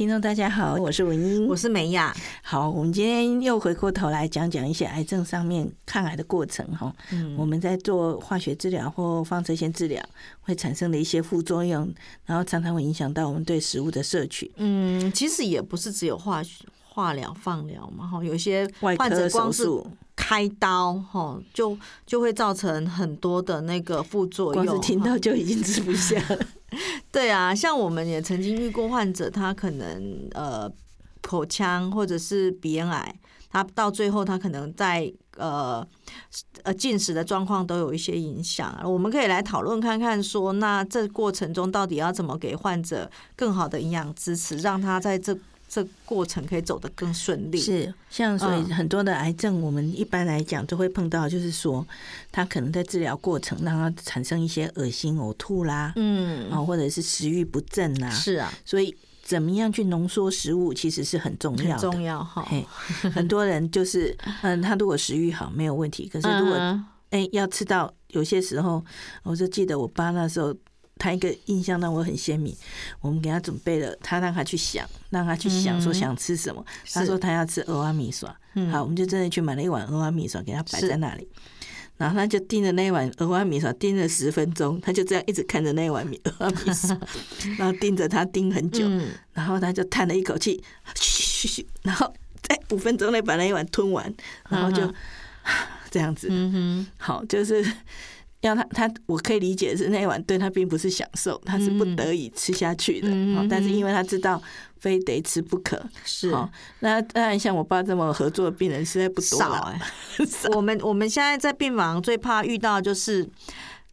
聽眾大家好，我是文音，我是美雅。好，我們今天又回過頭來講講一些癌症上面抗癌的過程哈、哦。嗯，我們在做化學治療或放射線治療，會產生的一些副作用，然後常常會影響到我們對食物的攝取。嗯，其實也不是只有化化療、放療嘛，哈，有些患者光是開刀，哈、喔，就就會造成很多的那個副作用。光是聽到就已經吃不下呵呵。對啊，像我們也曾經遇過患者，他可能呃口腔或者是鼻咽癌，他到最後他可能在呃呃進食的狀況都有一些影響，我們可以來討論看看說，說那這過程中到底要怎麼給患者更好的營養支持，讓他在這。這過程可以走得更順利。是，嗯、像所以很多的癌症，我們一般來講都會碰到，就是說他可能在治療過程，讓他產生一些噁心、嘔吐啦，嗯，或者是食欲不振啊。是啊，所以怎麼樣去濃縮食物，其實是很重要。很重要哈，哦、嘿 很多人就是，嗯，他如果食欲好，沒有問題。可是如果，哎、嗯嗯欸，要吃到有些時候，我就記得我爸那時候。他一個印象讓我很鮮明，我們給他準備了，他讓他去想，讓他去想說想吃什麼，他、嗯、哼說他要吃蚵仔麵線，嗯、好，我們就真的去買了一碗蚵仔麵線給他擺在那裡，是然後他就盯着那碗蚵仔麵線盯了十分鐘，他就這樣一直看着那碗蚵米蚵仔麵線， 然後盯着他盯很久，嗯、然後他就嘆了一口氣，噓，然後在五分鐘內把那一碗吞完，然後就、嗯、哼這樣子，嗯哼，好，就是。要他他我可以理解是那一碗對他並不是享受，他是不得已吃下去的。嗯哦、但是因為他知道非得吃不可，嗯哦、是。哦、那當然像我爸這麼合作的病人實在不多少哎、欸， 我們我們現在在病房最怕遇到就是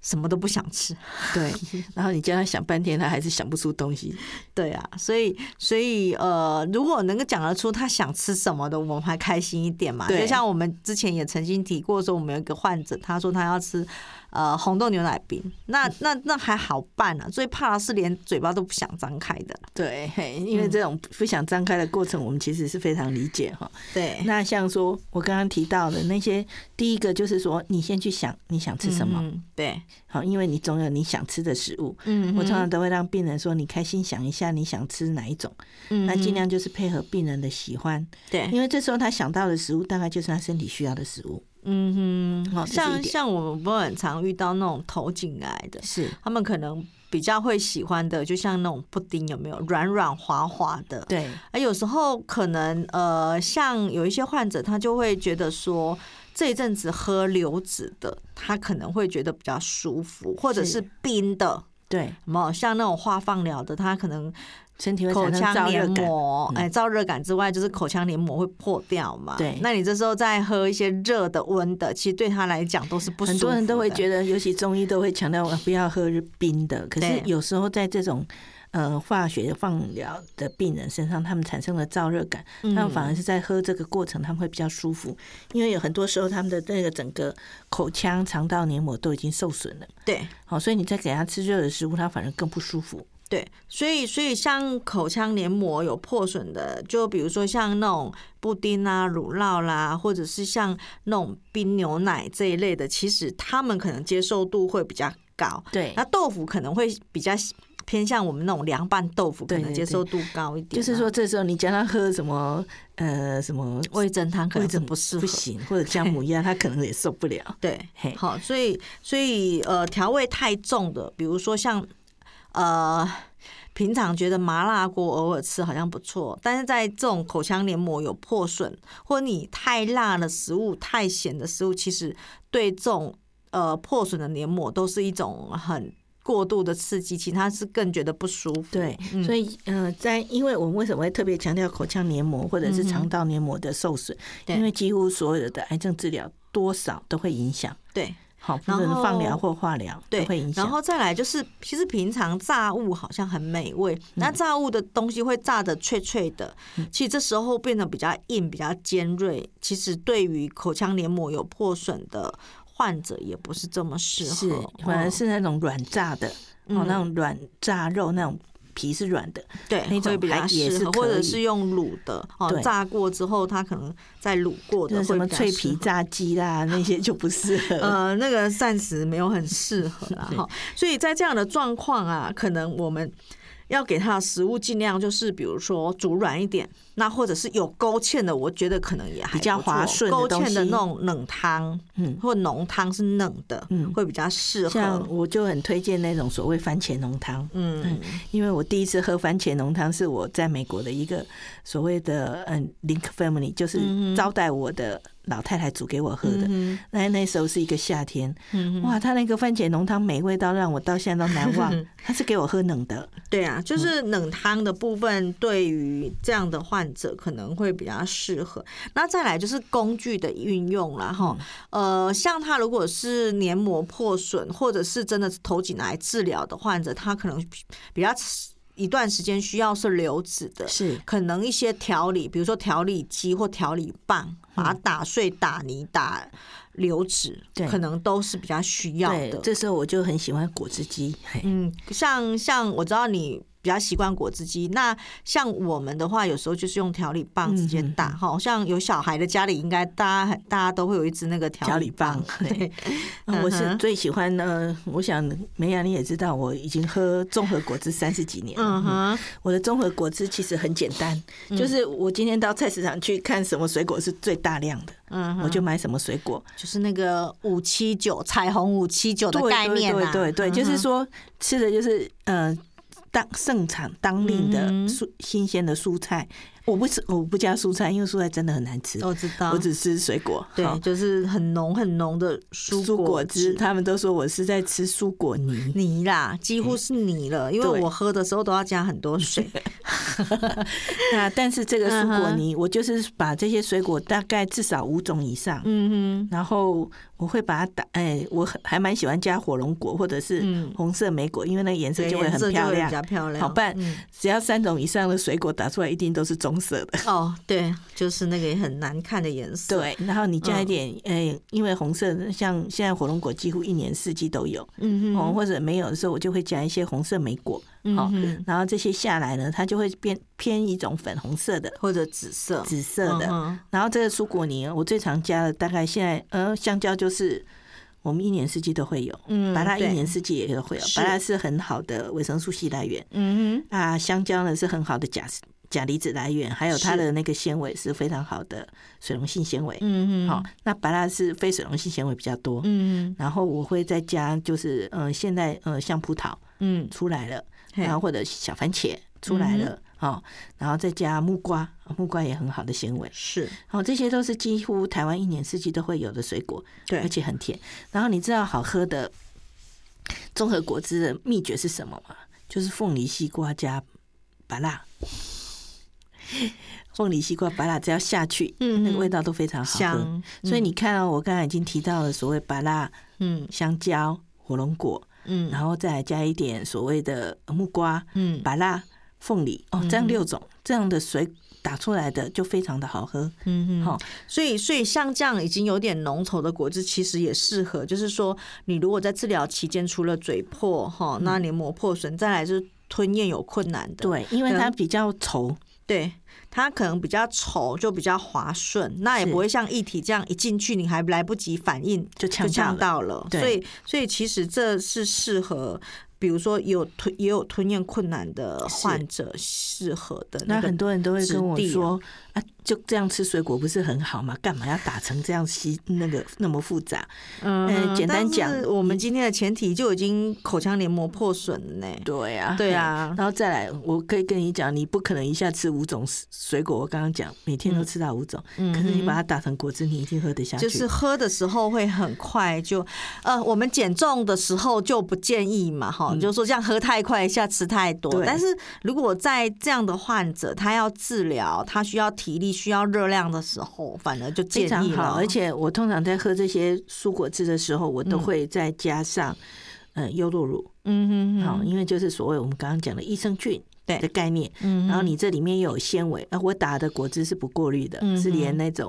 什麼都不想吃，對。然後你叫他想半天，他還是想不出東西。 對啊，所以所以呃，如果能夠講得出他想吃什麼的，我們還開心一點嘛。對就像我們之前也曾經提過說，我們有一個患者，他說他要吃。呃，紅豆牛奶冰，那那那還好辦呢、啊，最怕的是連嘴巴都不想張開的。對，因為這種不想張開的過程，我們其實是非常理解哈。對、嗯，那像說我剛剛提到的那些，第一個就是說，你先去想你想吃什麼。嗯、對，好，因為你總有你想吃的食物。嗯哼。我通常，常都會讓病人說：“你開心想一下，你想吃哪一種？”嗯哼。那盡量就是配合病人的喜歡。對。因為這時候他想到的食物，大概就是他身體需要的食物。嗯哼，好像像我們不很常遇到那種頭頸癌的，是他們可能比較會喜歡的，就像那種布丁有沒有軟軟滑滑的？對，而有時候可能呃，像有一些患者他就會覺得說這一陣子喝流質的，他可能會覺得比較舒服，或者是冰的，對是，沒有像那種化放療的，他可能。身體會產生燥熱感，口腔黏膜，哎、嗯欸，燥熱感之外，就是口腔黏膜會破掉嘛。對，那你這時候再喝一些熱的、溫的，其實對他來講都是不舒服。很多人都會覺得，尤其中醫都會強調不要喝冰的。 可是有時候在這種呃化學放療的病人身上，他們產生了燥熱感，嗯、那反而是在喝這個過程，他們會比較舒服，因為有很多時候他們的那個整個口腔、腸道黏膜都已經受損了。對，好、哦，所以你再給他吃熱的食物，他反而更不舒服。對，所以所以像口腔黏膜有破損的，就比如說像那種布丁啊、乳酪啦，啊，或者是像那種冰牛奶這一類的，其實他們可能接受度會比較高。對，那豆腐可能會比較偏向我們那種涼拌豆腐，可能接受度高一點，啊對對對。就是說，這時候你叫他喝什麼，呃，什麼味噌湯，可能不適不行，或者薑母鴨，他可能也受不了。對，對對好，所以所以呃，調味太重的，比如說像。呃，平常覺得麻辣鍋偶爾吃好像不錯，但是在這種口腔黏膜有破損，或你太辣的食物，太鹹的食物，其實對這種呃破損的黏膜都是一種很過度的刺激，其他是更覺得不舒服。對，嗯、所以呃，在，因為我們為什麼會特別強調口腔黏膜或者是腸道黏膜的受損，嗯、對，因為幾乎所有的癌症治療多少都會影響。對。好，放療或化療，然後對，然後再來就是，其實平常炸物好像很美味，那炸物的東西會炸得脆脆的，嗯、其實這時候變得比較硬，比較尖銳，其實對於口腔黏膜有破損的患者也不是這麼適合，反正是，是那種軟炸的，嗯、哦，那種軟炸肉那種。皮是軟的，對，那種比較適合，或者是用滷的對哦，炸過之後它可能再滷過的，什麼脆皮炸雞啦， 那些就不適合。 呃，那個暫時沒有很適合哈， 對所以在這樣的狀況啊，可能我們。要給他的食物盡量就是，比如說煮軟一點，那或者是有勾芡的，我覺得可能也還比較滑順，勾芡的那種冷湯，嗯，或濃湯是冷的，嗯，會比較適合。像我就很推薦那種所謂番茄濃湯，嗯，嗯因為我第一次喝番茄濃湯是我在美國的一個所謂的嗯、呃、Link Family，就是招待我的。嗯老太太煮給我喝的，那、嗯、哼那時候是一個夏天，嗯、哼哇，他那個番茄濃湯美味到讓我到現在都難忘。他 是給我喝冷的，對啊，就是冷湯的部分對於這樣的患者可能會比較適合。嗯、那再來就是工具的運用了哈，嗯、呃，像他如果是黏膜破損或者是真的頭頸癌治療的患者，他可能比，比較。一段時間需要是流質的，是可能一些調理，比如說調理機或調理棒，嗯、把它打碎、打泥打、打流質，對可能都是比較需要的。這時候我就很喜歡果汁機，嗯，像像我知道你。比較習慣果汁機，那像我們的話，有時候就是用調理棒直接打。哈、嗯，像有小孩的家裡，應該大家大家都會有一支那個調理棒、調理棒。對，嗯、哼我是最喜歡呢。我想美雅你也知道，我已經喝綜合果汁三十幾年了。嗯、哼我的綜合果汁其實很簡單，嗯、就是我今天到菜市場去看什麼水果是最大量的，嗯、哼我就買什麼水果。就是那個五七九彩虹五七九的概念、啊，對對，對對對，嗯、哼就是說吃的就是嗯。呃當盛產當令的蔬，新鮮的蔬菜。我不吃，我不加蔬菜，因為蔬菜真的很難吃。我知道，我只吃水果。對，好就是很濃很濃的蔬果蔬果汁。他們都說我是在吃蔬果泥泥啦，幾乎是泥了，欸、因為我喝的時候都要加很多水。對 那但是這個蔬果泥，嗯、哼我就是把這些水果大概至少五種以上，嗯哼然後我會把它打，哎、欸，我還蠻喜歡加火龍果或者是紅色莓果，因為那個顏色就會很漂亮，漂亮好，但，只要三種以上的水果打出來，一定都是棕色的哦，oh, 對，就是那個很難看的顏色。對，然後你加一點，哎，因為紅色的像現在火龍果幾乎一年四季都有，嗯、哦、嗯，或者沒有的時候，我就會加一些紅色莓果，嗯、哦，然後這些下來呢，它就會變偏一種粉紅色的或者紫色、紫色的。然後這個蔬果泥，我最常加的大概現在，呃，香蕉就是。我們一年四季都會有，嗯，芭樂一年四季也都會有，芭樂對是很好的維生素 C 來源。嗯嗯是，啊，香蕉呢是很好的鉀鉀離子來源，還有它的那個纖維是非常好的水溶性纖維。嗯嗯是，好、哦，那芭樂是非水溶性纖維比較多。嗯嗯哼，然後我會再加，就是嗯、呃，現在呃，像葡萄嗯出來了，然後、嗯啊、或者小番茄出來了。嗯好、哦，然後再加木瓜，木瓜也很好的纖維。是，然後、哦、這些都是幾乎台灣一年四季都會有的水果，對，而且很甜。然後你知道好喝的綜合果汁的秘訣是什麼嗎？就是鳳梨、西瓜加芭樂。 鳳梨、西瓜、芭樂只要下去， 那個味道都非常好喝香。所以你看、哦，我剛才已經提到了所謂芭樂，嗯，香蕉、火龍果，嗯，然後再加一點所謂的木瓜，嗯，芭樂。鳳梨哦，這樣六種、嗯、哼這樣的水打出來的就非常的好喝，嗯嗯哼，好、哦，所以所以像這樣已經有點濃稠的果汁，其實也適合，就是說你如果在治療期間除了嘴破哈，哦嗯、那黏膜破損，再來就是吞咽有困難的，對，因為它比較稠，嗯、對它可能比較稠就比較滑順，是那也不會像液體這樣一進去你還來不及反應就嗆嗆到了，到了對所以所以其實這是適合。比如說有，有吞也有吞嚥困難的患者，適合的那，那很多人都會跟我說，啊就這樣吃水果不是很好嗎？幹嘛要打成這樣稀，那個那麼複雜？嗯，簡單講，我們今天的前提就已經口腔黏膜破損呢。對啊，對啊。然後再來，我可以跟你講，你不可能一下吃五種水果。我剛剛講，每天都吃到五種，嗯、可是你把它打成果汁，你一定喝得下去。就是喝的時候會很快就，呃，我們減重的時候就不建議嘛，哈、嗯，你就是說這樣喝太快，一下吃太多。對但是如果在這樣的患者，他要治療，他需要體力。需要熱量的時候，反而就建議了非常好。而且我通常在喝這些蔬果汁的時候，我都會再加上嗯優酪、呃、乳。嗯嗯，好，因為就是所謂我們剛剛講的益生菌的概念。嗯對然後你這裡面又有纖維。那我打的果汁是不過濾的，嗯、哼是連那種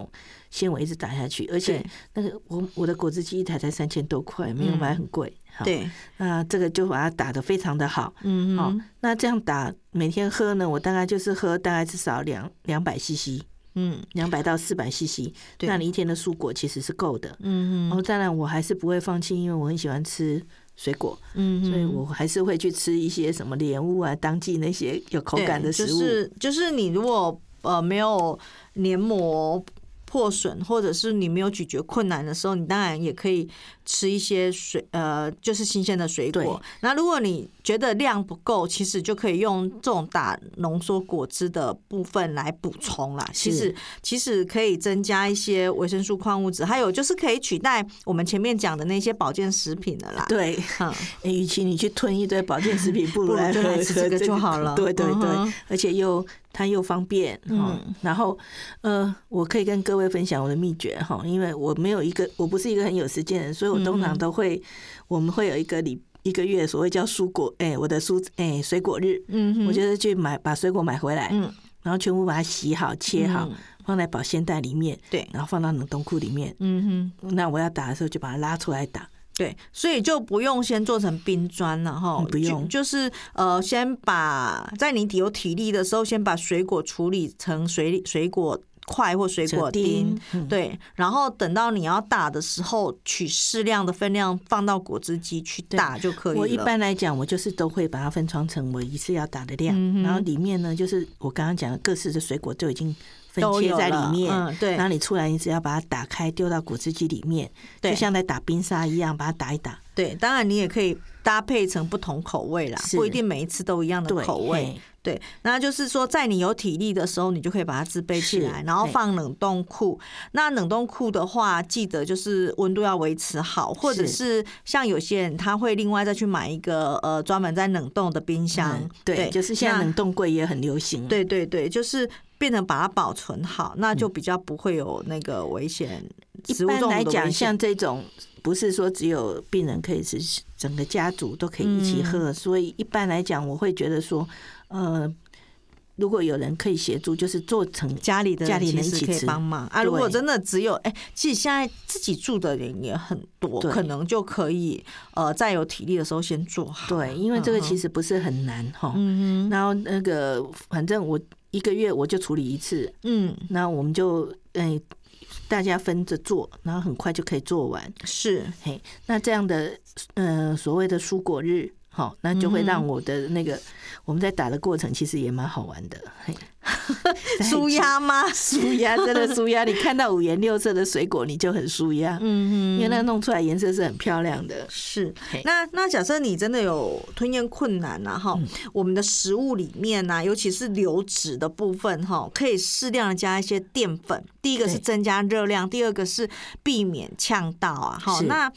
纖維一直打下去。而且那個我我的果汁機一台才三千多塊，沒有買很貴。嗯、好對。那、呃、這個就把它打得非常的好。嗯嗯哼。那這樣打每天喝呢？我大概就是喝大概至少兩兩百 CC。嗯，兩百到四百 cc，那你對一天的蔬果其實是夠的。嗯哼然後當然我還是不會放棄，因為我很喜歡吃水果。嗯哼所以我還是會去吃一些什麼蓮霧啊，當季那些有口感的食物。就是就是，就是、你如果呃沒有黏膜、破損，或者是你沒有咀嚼困難的時候，你當然也可以吃一些水，呃，就是新鮮的水果。對那如果你覺得量不夠，其實就可以用這種打濃縮果汁的部分來補充啦。其實是其實可以增加一些維生素、礦物質，還有就是可以取代我們前面講的那些保健食品的啦。對，嗯，與其你去吞一堆保健食品，不如，來，再來喝， 不如來吃這個就好了。對，對對對，嗯、哼而且又。它又方便哈，然後呃，我可以跟各位分享我的祕訣哈，因為我沒有一個，我不是一個很有時間的人，所以我通常都會，我們會有一個禮一個月所謂叫蔬果哎、欸，我的蔬哎、欸、水果日，嗯，我就是去買把水果買回來，嗯，然後全部把它洗好切好，放在保鮮袋裡面，對，然後放到冷凍庫裡面，嗯哼對，那我要打的時候就把它拉出來打。對，所以就不用先做成冰磚了哈、嗯，不用就，就是呃，先把在你有體力的時候，先把水果處理成水水果，塊或水果丁，嗯、對，然後等到你要打的時候，取適量的分量放到果汁機去打就可以了。我一般來講，我就是都會把它分裝成我一次要打的量，嗯、哼然後裡面呢，就是我剛剛講的各式的水果就已經分切在裡面。嗯、對，然後你出來，你只要把它打開，丟到果汁機裡面，對就像在打冰沙一樣，把它打一打。對，當然你也可以搭配成不同口味啦，是不一定每一次都一樣的口味。對，那就是說，在你有體力的時候，你就可以把它自備起來，是然後放冷凍庫。對那冷凍庫的話，記得就是溫度要維持好，是或者是像有些人他會另外再去買一個呃專門在冷凍的冰箱。嗯、對，就是現在冷凍櫃也很流行、啊。對對對，就是變成把它保存好，那就比較不會有那個危險。嗯、一般來講，像這種不是說只有病人可以吃，整個家族都可以一起喝，嗯、所以一般來講，我會覺得說。呃，如果有人可以協助，就是做成家裡的家裡人一起可以幫忙啊。對如果真的只有哎、欸，其實現在自己住的人也很多，對可能就可以呃，在有體力的時候先做好。對，因為這個其實不是很難哈。嗯，哼嗯哼然後那個，反正我一個月我就處理一次。嗯。那我們就哎、欸，大家分着做，然後很快就可以做完。是嘿，那這樣的呃，所謂的蔬果日。好，那就會讓我的那個我們在打的過程，其實也蠻好玩的。嘿。舒壓 嗎？舒壓真的舒壓，你看到五顏六色的水果，你就很舒壓。嗯嗯，因為那弄出來顏色是很漂亮的。 是，那那假設你真的有吞咽困難呢、啊？哈，嗯、我們的食物裡面呢、啊，尤其是流質的部分，哈，可以適量的加一些澱粉。第一個是增加熱量，第二個是避免嗆到啊。好，那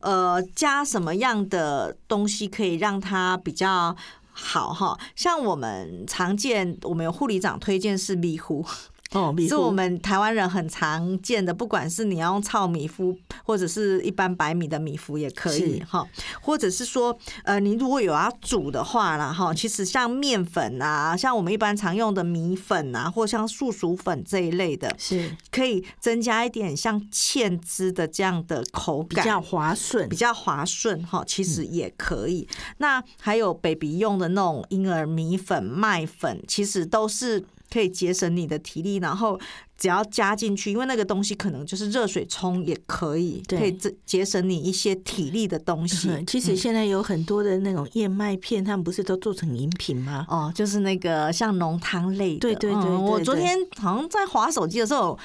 呃，加什麼樣的東西可以讓它比較？好哈，像我們常見，我們有護理長推薦是米糊。哦，是我們台灣人很常見的，不管是你要用糙米糊，或者是一般白米的米糊也可以哈，是或者是說，呃，你如果有要煮的話啦哈，其實像麵粉啊，像我們一般常用的米粉啊，或像素薯粉這一類的，是可以增加一點像芡汁的這樣的口感，比較滑順，比較滑順哈，其實也可以。嗯，那還有 baby 用的那種嬰兒米粉、麥粉，其實都是。可以節省你的體力，然後只要加進去，因為那個東西可能就是熱水沖也可以，對可以節節省你一些體力的東西，嗯。其實現在有很多的那種燕麥片，嗯、他們不是都做成飲品嗎？哦，就是那個像濃湯類的。對對對，對，對，嗯，我昨天好像在滑手機的時候，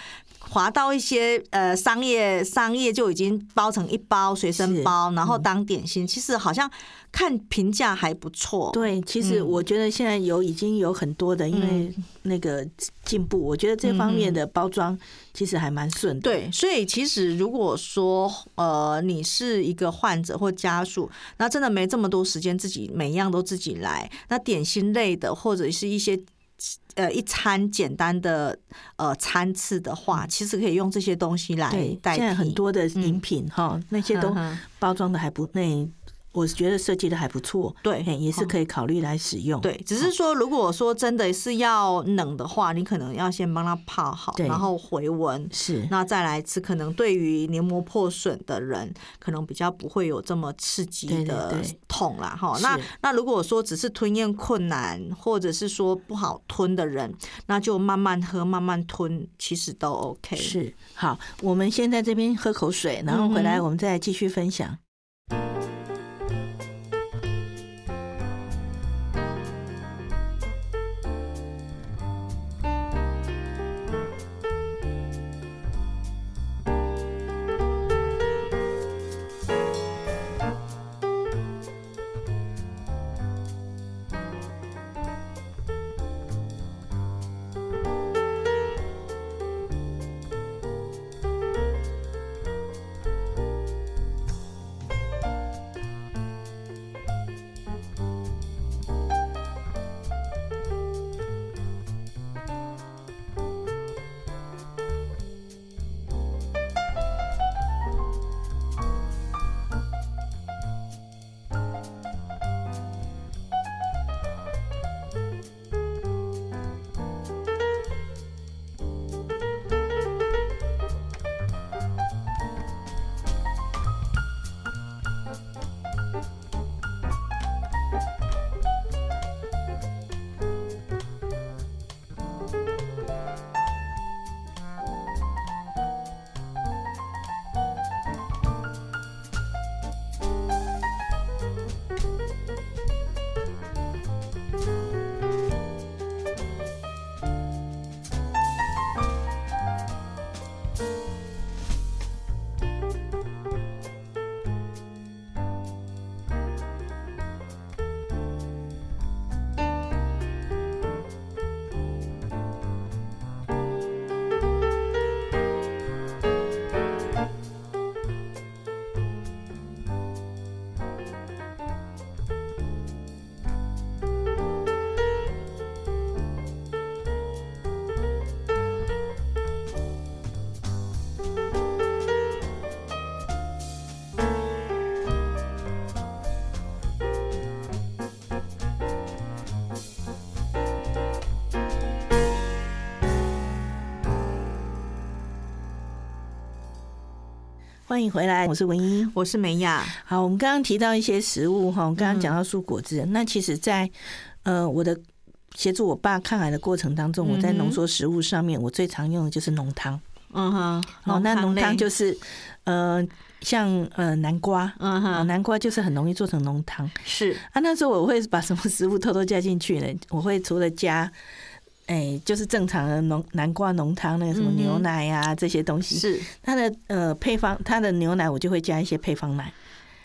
滑到一些呃商業商業，就已經包成一包隨身包，是然後當點心。嗯、其實好像看評價還不錯。對，其實我覺得現在有、嗯、已經有很多的，因為那個進步，嗯、我覺得這方面的包裝其實還蠻順的。嗯、對，所以其實如果說呃你是一個患者或家屬，那真的沒這麼多時間自己每一樣都自己來。那點心類的或者是一些。呃，一餐簡單的呃餐次的話，其實可以用這些東西來代替。現在很多的飲品哈、嗯，那些都包裝的還不那。呵呵我覺得設計的還不錯，對，也是可以考慮來使用。哦，對，只是說如果說真的是要冷的話，你可能要先幫它泡好，對然後回溫，是，那再來吃，可能對於黏膜破損的人，可能比較不會有這麼刺激的痛啦。哈，那是那如果說只是吞嚥困難或者是說不好吞的人，那就慢慢喝，慢慢吞，其實都 OK。是，好，我們先在這邊喝口水，然後回來我們再繼續分享。嗯歡迎回來，我是文音，我是美雅。好，我們剛剛提到一些食物哈，我剛剛講到蔬果汁。嗯、那其實在，在呃我的協助我爸抗癌的過程當中，嗯、我在濃縮食物上面，我最常用的就是濃湯。嗯哈，哦，那濃湯就是呃，像呃南瓜，嗯哈哼，南瓜就是很容易做成濃湯。是啊，那時候我會把什麼食物偷偷加進去呢？我會除了加。哎、欸，就是正常的濃南瓜濃湯，那個什麼牛奶呀、啊嗯、哼這些東西，是它的呃配方，它的牛奶我就會加一些配方奶，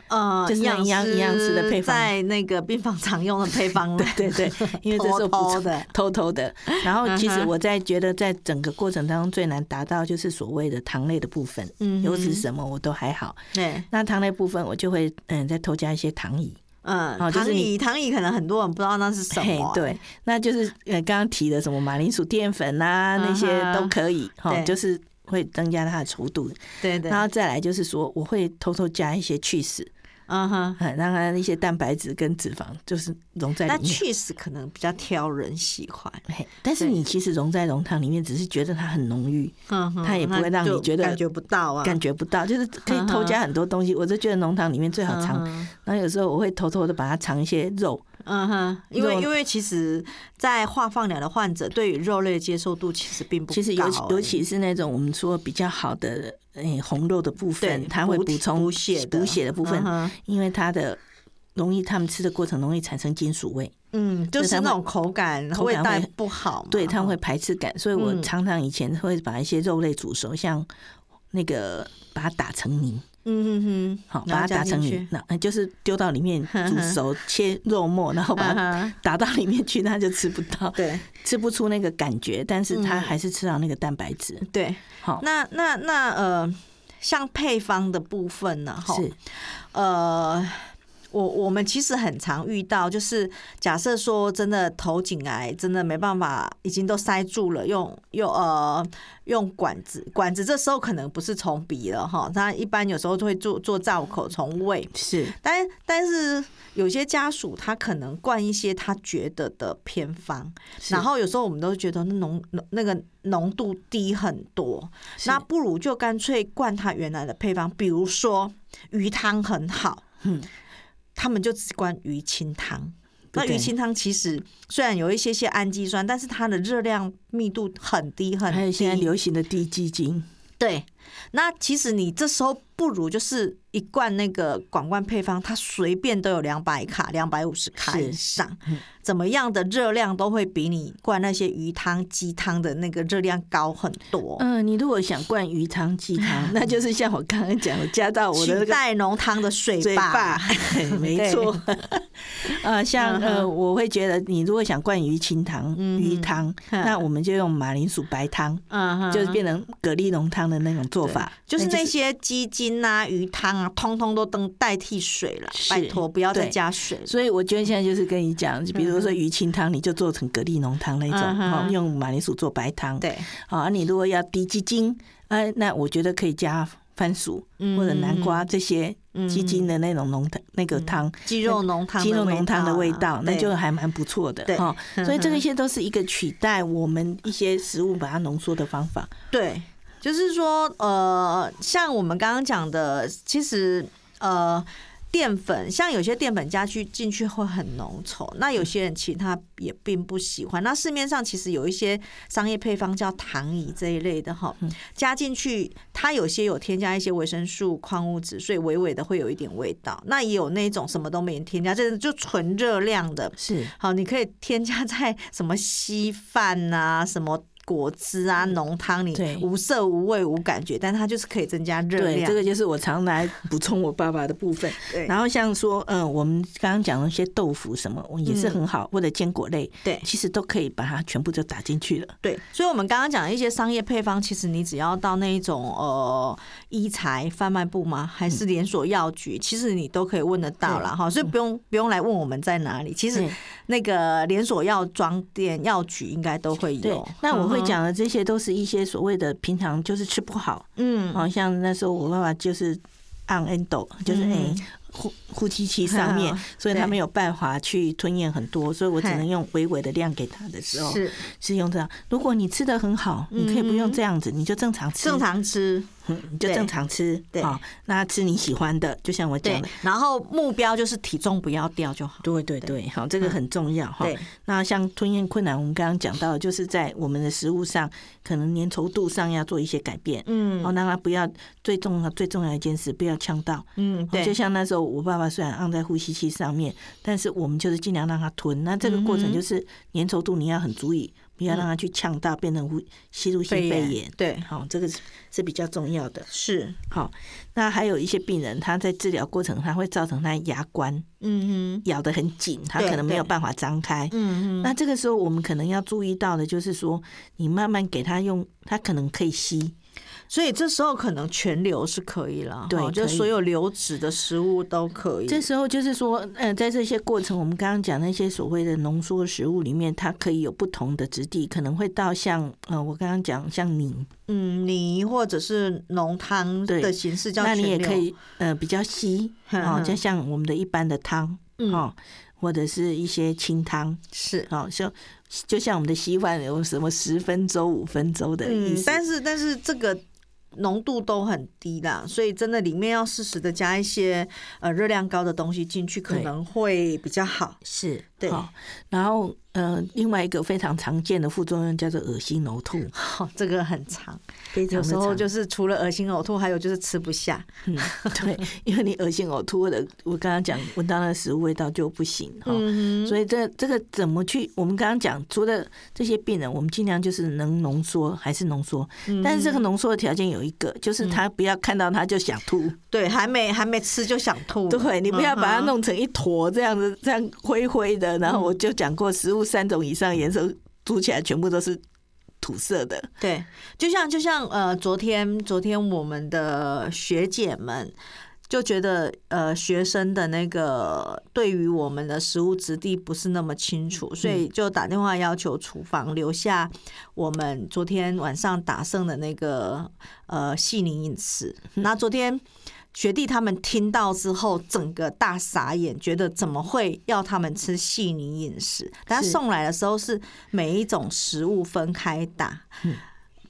哦、呃，就是一樣一樣吃的配方，在那個病房常用的配方，配方 對對對，因為這是候的偷偷的。然後其實我在覺得在整個過程當中最難達到就是所謂的糖類的部分，其、嗯、哼是什麼我都還好，對，那糖類部分我就會嗯再偷加一些糖飴。嗯，糖衣糖衣可能很多人不知道那是什麼，對，那就是呃剛剛提的什麼馬鈴薯澱粉吶、啊、 那些都可以，就是會增加它的稠度。對，對對，然後再來就是說，我會偷偷加一些起司。嗯哼，當、uh huh, 它那些蛋白質跟脂肪就是融在裡面那確實可能比較挑人喜歡，嘿但是你其實融在濃湯裡面，只是覺得它很濃鬱，uh、huh, 它也不會讓你覺得感覺不到啊，感覺不到，huh, 就是可以偷加很多東西。Uh、huh, 我就覺得濃湯裡面最好藏。Uh、huh, 然後有時候我會偷偷的把它藏一些肉。嗯哼，因為因為其實，在化放療的患者對於肉類的接受度其實並不高，其實尤尤其是那種我們說比較好的誒、欸、紅肉的部分，它會補充補血的補血的部分，嗯、哼因為它的容易他們吃的過程容易產生金屬味，嗯，就是那種口感味帶不好，對，它會排斥感，所以我常常以前會把一些肉類煮熟，像那個把它打成泥。嗯哼哼，好，把它打成泥，那那就是丟到裡面煮熟，呵呵切肉末，然後把它打到裡面去，那呵就吃不到，對呵，吃不出那個感覺，但是他還是吃到那個蛋白質、嗯，對，好，那那那呃，像配方的部分呢、啊，哈，是呃。我我們其實很常遇到，就是假設說真的頭頸癌真的沒辦法，已經都塞住了，用用呃用管子管子，這時候可能不是從鼻了哈，他一般有時候都會做做造口從胃。是，但但是有些家屬他可能灌一些他覺得的偏方，是然後有時候我們都覺得那濃濃那個濃度低很多，那是不如就乾脆灌他原來的配方，比如說魚湯很好，嗯。他們就只關於清湯，那魚清湯其實雖然有一些些氨基酸，但是它的熱量密度很低很低，還有現在流行的滴雞精，對。那其實你這時候不如就是一罐那個廣罐配方，它隨便都有兩百卡、兩百五十卡以上，是怎麼樣的熱量都會比你灌那些魚湯、雞湯的那個熱量高很多。嗯，你如果想灌魚湯、雞湯， 那就是像我剛剛講，我加到我的帶濃湯的水吧， 沒錯錯。 像呃，我會覺得你如果想灌魚清湯、魚湯，嗯、哼那我們就用馬鈴薯白湯，嗯、哼就是變成蛤蜊濃湯的那種、個。做法就是那些雞精啊、魚湯啊，通通都等代替水了。是拜託，不要再加水。所以我覺得現在就是跟你講，比如說魚清湯，你就做成蛤蜊濃湯那種，嗯、哼用馬鈴薯做白湯。對，好，啊、你如果要滴雞精，哎，那我覺得可以加番薯、嗯、或者南瓜這些雞精的那種濃湯，嗯、那個湯雞肉濃湯，雞肉濃湯的味道，對那就還蠻不錯的。對，嗯、哼所以這一些都是一個取代我們一些食物把它濃縮的方法。對。就是說，呃，像我們剛剛講的，其實，呃，澱粉，像有些澱粉加去進去會很濃稠，那有些人其他也並不喜歡。那市面上其實有一些商業配方叫糖飴這一類的哈，加進去它有些有添加一些維生素、礦物質，所以微微的會有一點味道。那也有那種什麼都沒添加，就是就純熱量的，是好，你可以添加在什麼稀飯啊，什麼。果汁啊，濃湯你無色無味無感覺，嗯、但它就是可以增加熱量。對，這個就是我常來補充我爸爸的部分。 對，然後像說，嗯，我們剛剛講的那些豆腐什麼，也是很好，或者堅果類，對，其實都可以把它全部就打進去了。對，所以，我們剛剛講的一些商業配方，其實你只要到那一種呃，醫材販賣部嘛，還是連鎖藥局，嗯、其實你都可以問得到啦。哈對，所以不用、嗯、不用來問我們在哪裡，其實那個連鎖藥妝店、藥局應該都會有。那對我會。講的這些都是一些所謂的平常就是吃不好，嗯，嗯，好像那時候我爸爸就是按 endo 就是哎呼呼吸器上面，嗯嗯，所以他沒有辦法去吞咽很多，好 所以我只能用微微的量給他的時候是是用這樣。是 如果你吃的很好，嗯嗯，你可以不用這樣子，你就正常吃，正常吃。你就正常吃，好對、哦，那吃你喜歡的，就像我講的。然後目標就是體重不要掉就好。對對對，對好，這個很重要哈、嗯哦。那像吞嚥困難，我們剛剛講到的，就是在我們的食物上，可能粘稠度上要做一些改變。嗯，好、哦，讓他不要。最重要最重要的一件事，不要嗆到。嗯，對、哦。就像那時候我爸爸雖然按在呼吸器上面，但是我們就是盡量讓他吞。那這個過程就是粘稠度，你要很注意。嗯不要讓他去嗆到，變成吸入性肺炎。嗯哦、對，好，這個是比較重要的。是，好、哦，那還有一些病人，他在治療過程，他會造成他牙關，嗯，咬得很緊，嗯、哼他可能沒有辦法張開。嗯嗯，那這個時候我們可能要注意到的，就是說，你慢慢給他用，他可能可以吸。所以這時候可能全流是可以了，對，就所有流質的食物都可以。這時候就是說，嗯、呃，在這些過程，我們剛剛講那些所謂的濃縮食物裡面，它可以有不同的質地，可能會到像，呃，我剛剛講像泥，嗯，泥或者是濃湯的形式叫對，那你也可以，呃，比較稀，哦，嗯、就像我們的一般的湯，哦、嗯，或者是一些清湯，是，哦，像就，就像我們的稀飯有什麼十分粥、五分粥的意思，嗯，但是，但是這個。濃度都很低啦，所以真的裡面要適時的加一些呃熱量高的東西進去，可能會比較好。是對，對，然後。呃，另外一個非常常見的副作用叫做噁心嘔吐。哦，這個很長，非常的長，有時候就是除了噁心嘔吐，還有就是吃不下。嗯，對， 因為你噁心嘔吐的，我剛剛講聞到那個食物味道就不行哈，嗯、所以這個、這個怎麼去？我們剛剛講，除了這些病人，我們盡量就是能濃縮還是濃縮，但是這個濃縮的條件有一個，就是他不要看到他就想吐，嗯、對，還沒還沒吃就想吐，對，你不要把它弄成一坨這樣子，這樣灰灰的。然後我就講過食物。三種以上顏色塗起來全部都是土色的，對，就像就像呃，昨天昨天我們的學姐們就覺得呃學生的那個對於我們的食物質地不是那麼清楚，嗯、所以就打電話要求廚房留下我們昨天晚上打剩的那個呃細泥飲食。嗯、那昨天。學弟他們聽到之後，整個大傻眼，覺得怎麼會要他們吃細泥飲食？但他送來的時候，是每一種食物分開打，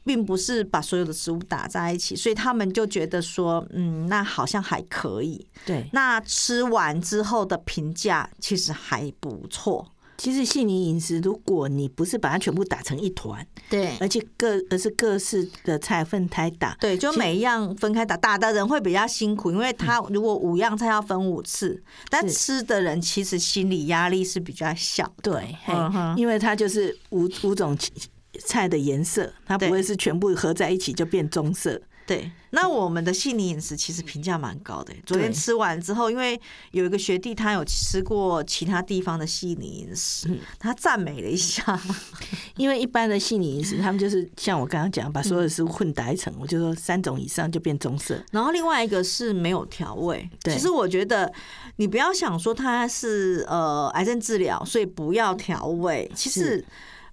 並不是把所有的食物打在一起，所以他們就覺得說，嗯，那好像還可以。對，那吃完之後的評價其實還不錯。其實細泥飲食，如果你不是把它全部打成一團，對，而且各而是各式的菜分開打，對，就每一樣分開打，打實的人會比較辛苦，因為他如果五樣菜要分五次，嗯、但吃的人其實心理壓力是比較小的，是對，uh huh、因為它就是五五種菜的顏色，它不會是全部合在一起就變棕色。對對，那我們的細泥飲食其實評價蠻高的。昨天吃完之後，因為有一個學弟他有吃過其他地方的細泥飲食，嗯、他讚美了一下。嗯、因為一般的細泥飲食，他們就是像我剛剛講，把所有的食物混搭一層，嗯、我就說三種以上就變棕色。然後另外一個是沒有調味。對其實我覺得你不要想說它是呃癌症治療，所以不要調味。其實。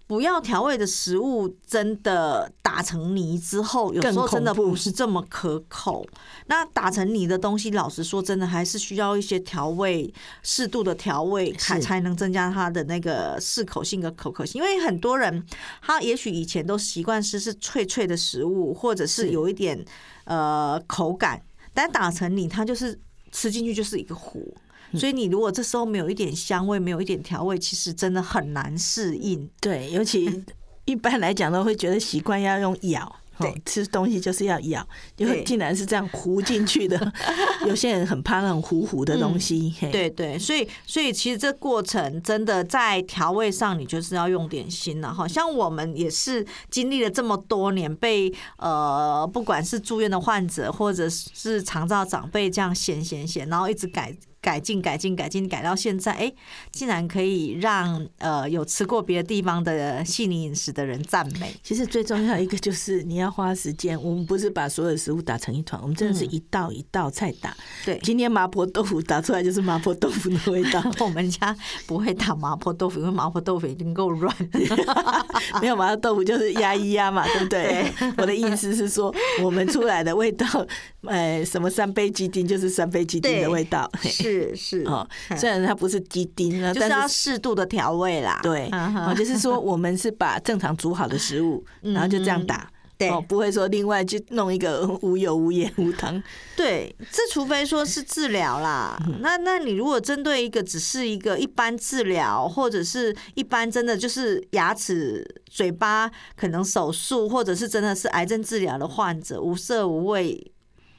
不要調味的食物，真的打成泥之後，有時候真的不是這麼可口。那打成泥的東西，老實說，真的還是需要一些調味，適度的調味才才能增加它的那個適口性和可口性。是因為很多人他也許以前都習慣吃是脆脆的食物，或者是有一點呃口感，是但打成泥，它就是吃進去就是一個糊。所以你如果這時候沒有一點香味，沒有一點調味，其實真的很難適應。對，尤其一般來講都會覺得習慣要用咬，對，吃東西就是要咬，對因為竟然是這樣糊進去的。 有些人很怕那種糊糊的東西。嗯、嘿對對，所以所以其實這過程真的在調味上，你就是要用點心了。好像我們也是經歷了這麼多年被，被呃不管是住院的患者，或者是長照長輩這樣咸咸咸，然後一直改。改進，改進，改進，改到現在，哎、欸，竟然可以讓呃有吃過別的地方的細膩飲食的人讚美。其實最重要一個就是你要花時間。我們不是把所有的食物打成一團，我們真的是一道一道菜打。對、嗯，今天麻婆豆腐打出來就是麻婆豆腐的味道。 我們家不會打麻婆豆腐，因為麻婆豆腐已經夠軟了 沒有麻婆豆腐就是壓一壓嘛，對不對、欸？我的意思是說，我們出來的味道，呃、欸，什麼三杯雞丁就是三杯雞丁的味道。是。是是、哦，雖然它不是雞丁，但是要適度的調味啦。是對，啊、uh，huh. 就是說我們是把正常煮好的食物， 然後就這樣打，mm hmm. 哦、對，不會說另外去弄一個無油、無鹽、無糖。對，這除非說是治療啦。 那那你如果針對一個只是一個一般治療，或者是一般真的就是牙齒、嘴巴可能手術，或者是真的是癌症治療的患者，無色無味。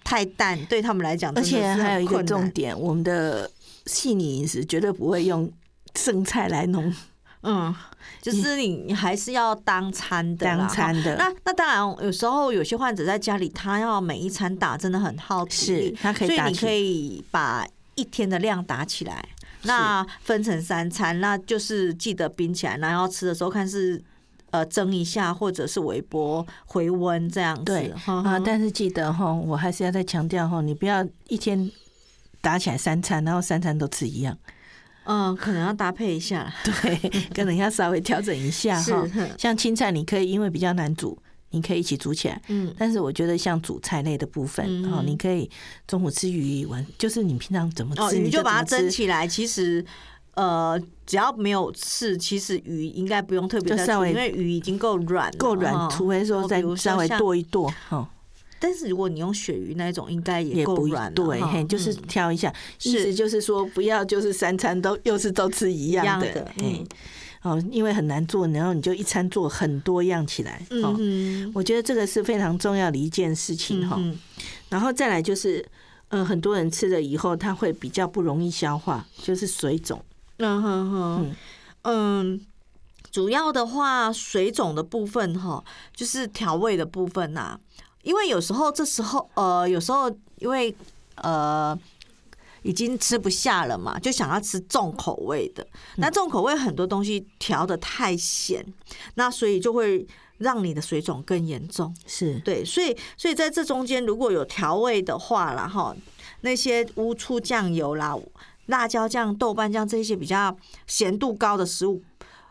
太淡對他們來講，而且還有一個重點，我們的細膩飲食絕對不會用剩菜來弄。嗯，就是你還是要當餐的，當餐的。那那當然，有時候有些患者在家裡，他要每一餐打，真的很好吃。他以所以你可以把一天的量打起來，是那分成三餐，那就是記得冰起來，然後要吃的時候看是。呃，蒸一下或者是微波回溫這樣子。對呵呵、呃，但是記得哈，我還是要再強調哈，你不要一天打起來三餐，然後三餐都吃一樣。嗯、呃，可能要搭配一下。對，可能要稍微調整一下哈。 呵像青菜，你可以因為比較難煮，你可以一起煮起來。嗯。但是我覺得像煮菜類的部分，嗯嗯，你可以中午吃魚，丸，就是你平常怎麼吃、哦、你就把它蒸起來，其實。呃，只要沒有刺，其實魚應該不用特別的，因為魚已經夠軟了，夠軟。除非說再稍微剁一剁，哈。但是如果你用鱈魚那一種，應該也夠軟，對，就是挑一下。意思就是說，不要就是三餐都又是都吃一樣的，哎，哦，因為很難做，然後你就一餐做很多樣起來，嗯。我覺得這個是非常重要的一件事情，哈。然後再來就是，呃，很多人吃了以後，他會比較不容易消化，就是水腫。嗯哼哼，嗯，主要的話水腫的部分哈，就是調味的部分吶、啊。因為有時候這時候，呃，有時候因為呃，已經吃不下了嘛，就想要吃重口味的。那、嗯、重口味很多東西調得太鹹，那所以就會讓你的水腫更嚴重。是對，所以所以在這中間如果有調味的話啦哈，那些烏醋醬油啦。辣椒醬、豆瓣醬這些比較鹹度高的食物，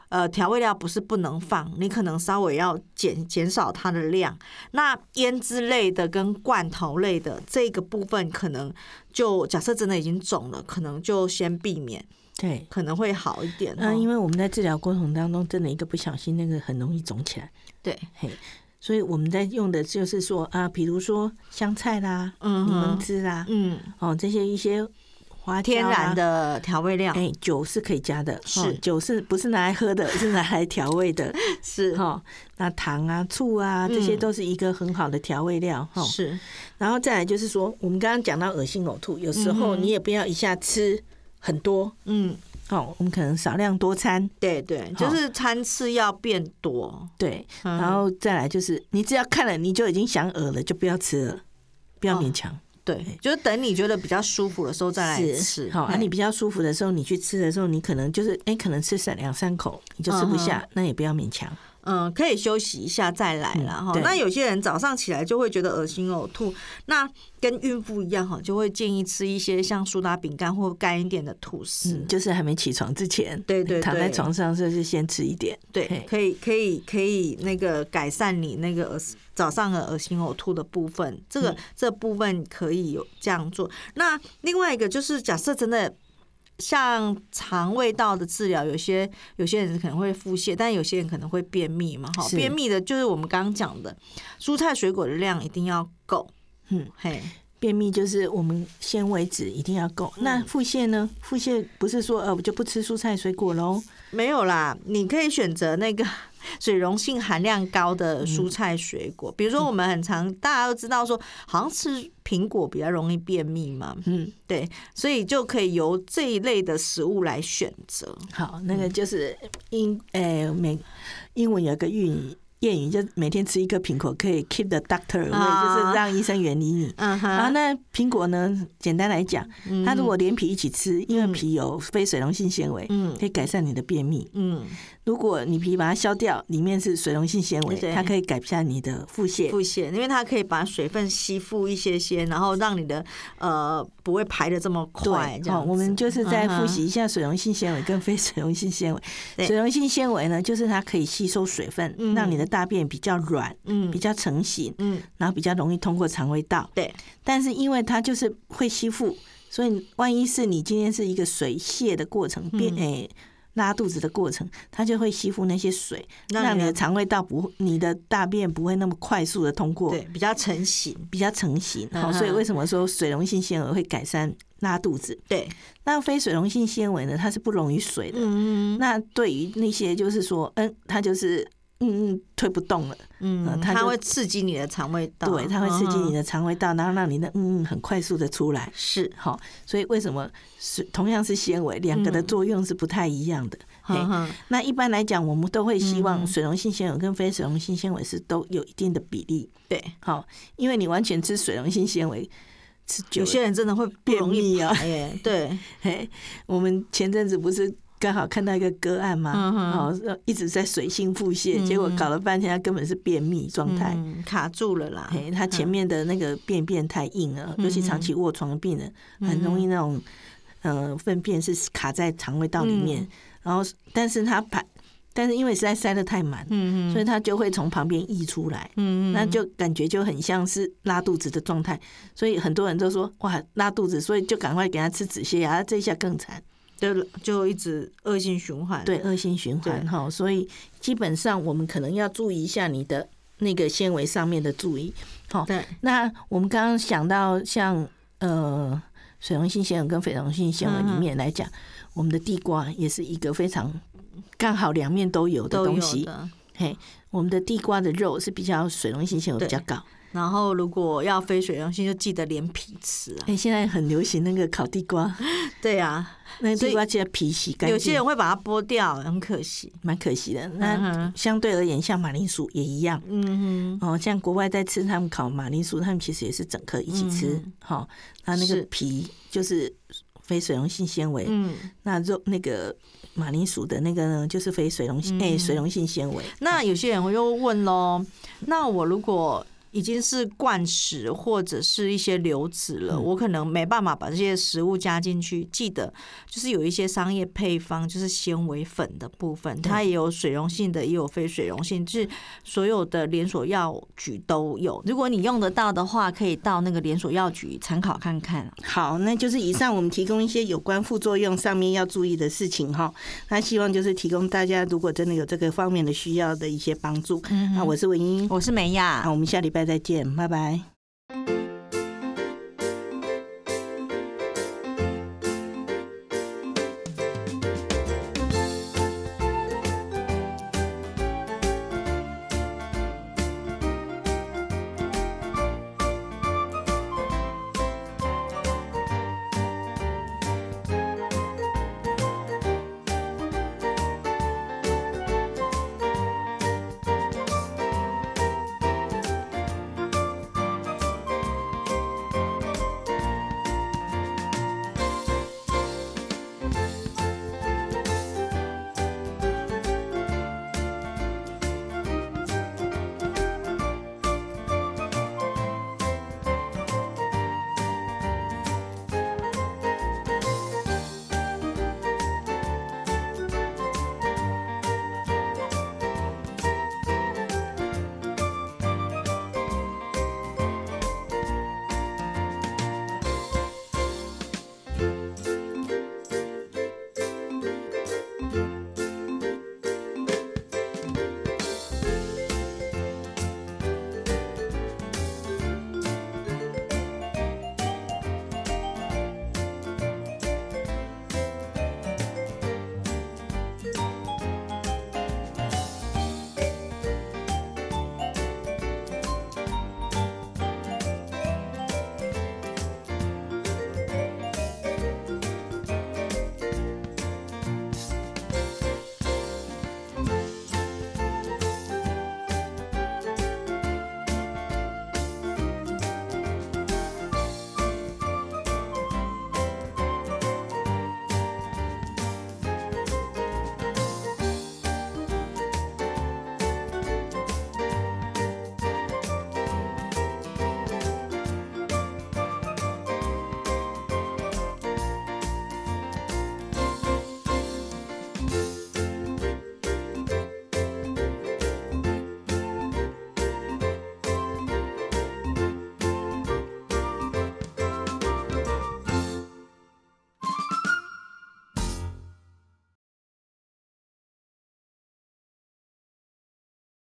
呃，調味料不是不能放，你可能稍微要減減少它的量。那醃製類的跟罐頭類的這個部分，可能就假設真的已經腫了，可能就先避免，對，可能會好一點、哦。嗯、啊，因為我們在治療過程當中，真的一個不小心，那個很容易腫起來。對，嘿，所以我們在用的就是說啊，比如說香菜啦、檸檬、嗯、哼汁啦，嗯，哦，這些一些。啊、天然的調味料，哎、欸，酒是可以加的，是酒是不是拿來喝的？是拿來調味的， 是哈。哦、那糖啊、醋啊，這些都是一個很好的調味料，哈、嗯。哦、是，然後再來就是說，我們剛剛講到噁心嘔吐，有時候你也不要一下吃很多，嗯，好、哦，我們可能少量多餐，對對，就是餐次要變多，哦、對。嗯、然後再來就是，你只要看了你就已經想嘔了，就不要吃了，不要勉強。哦對，就是等你覺得比較舒服的時候再來吃。好是。那、嗯啊、你比較舒服的時候，你去吃的時候，你可能就是，哎、欸，可能吃兩三口你就吃不下，uh huh. 那也不要勉強。嗯，可以休息一下再來了哈。嗯、那有些人早上起來就會覺得噁心嘔吐，那跟孕婦一樣哈，就會建議吃一些像蘇打餅乾或乾一點的吐司、嗯，就是還沒起床之前，對,對對，躺在床上就是先吃一點，對，可以可以可以，可以那個改善你那個、呃、早上的噁心嘔吐的部分，這個、嗯、這個部分可以有這樣做。那另外一個就是，假設真的。像腸胃道的治療，有些有些人可能會腹瀉，但有些人可能會便秘嘛。哈是，便秘的就是我們剛剛講的，蔬菜水果的量一定要夠。嗯，嘿，便秘就是我們纖維質一定要夠。嗯、那腹瀉呢？腹瀉不是說呃，我就不吃蔬菜水果嘍？沒有啦，你可以選擇那個。水溶性含量高的蔬菜水果，嗯、比如說我們很常大家都知道說，好像吃蘋果比較容易便秘嘛，嗯，對，所以就可以由這一類的食物來選擇。好，那個就是英誒美、欸、英文有一個寓意，諺語就每天吃一個蘋果可以 keep the doctor 就是讓醫生遠離你。然後那蘋果呢，簡單來講，它如果連皮一起吃，因為皮有非水溶性纖維，可以改善你的便秘。嗯，如果你皮把它削掉，裡面是水溶性纖維，它可以改善你的腹瀉。腹瀉，因為它可以把水分吸附一些些，然後讓你的呃不會排得這麼快這樣子。我們就是再複習一下水溶性纖維跟非水溶性纖維。水溶性纖維呢，就是它可以吸收水分，讓你的大便比較軟，嗯，比較成型，嗯，然後比較容易通過腸胃道，對。但是因為它就是會吸附，所以萬一是你今天是一個水瀉的過程，變誒、欸、拉肚子的過程，它就會吸附那些水，讓你的腸胃道不，你的大便不會那麼快速的通過，對，比較成型，比較成型。好，所以為什麼說水溶性纖維會改善拉肚子？對，那非水溶性纖維呢？它是不溶於水的。嗯，那對於那些就是說，嗯，它就是。嗯嗯，推不動了，嗯，它就，它會刺激你的腸胃道，對，它會刺激你的腸胃道，嗯、然後讓你的嗯嗯很快速的出來，是好、哦。所以為什麼是同樣是纖維，兩個的作用是不太一樣的。那一般來講，我們都會希望水溶性纖維跟非水溶性纖維是都有一定的比例，對，好、哦，因為你完全吃水溶性纖維，吃有些人真的會便秘啊，不容易，對，嘿，我們前陣子不是。剛好看到一個個案嘛，然後、uh huh. 哦、一直在水性腹瀉，嗯、結果搞了半天他根本是便秘狀態，嗯、卡住了啦。他、欸、前面的那個便便太硬了，嗯、尤其長期臥床的病人，很容易那種呃糞便是卡在腸胃道裡面。嗯、然後，但是他排，但是因為塞塞得太滿，嗯嗯所以他就會從旁邊溢出來，嗯嗯那就感覺就很像是拉肚子的狀態。所以很多人都說哇，拉肚子，所以就趕快給他吃止瀉藥，這一下更慘。對，就一直惡性循環。對，惡性循環哈對，所以基本上我們可能要注意一下你的那個纖維上面的注意哈。對。那我們剛剛想到像呃，水溶性纖維跟非溶性纖維裡面來講，嗯、哼我們的地瓜也是一個非常剛好兩面都有的東西。嘿，我們的地瓜的肉是比較水溶性纖維比較高。然後，如果要非水溶性，就記得連皮吃啊。哎，現在很流行那個烤地瓜，對呀，地瓜記得皮洗乾淨，有些人會把它剝掉，很可惜，蠻可惜的。那相對而言，像馬鈴薯也一樣，嗯，哦，像國外在吃他們烤馬鈴薯，他們其實也是整顆一起吃，哦，那那個皮就是非水溶性纖維，嗯，那肉那個馬鈴薯的那個呢，就是非水溶性，哎，水溶性纖維。那有些人我又問嘍，那我如果已經是灌食或者是一些流質了，我可能沒辦法把這些食物加進去。記得就是有一些商業配方，就是纖維粉的部分，它也有水溶性的，也有非水溶性，就是所有的連鎖藥局都有。如果你用得到的話，可以到那個連鎖藥局參考看看、啊。好，那就是以上我們提供一些有關副作用上面要注意的事情哈。那希望就是提供大家，如果真的有這個方面的需要的一些幫助。啊，我是文音，我是美雅、啊。我們下禮拜。再見，拜拜。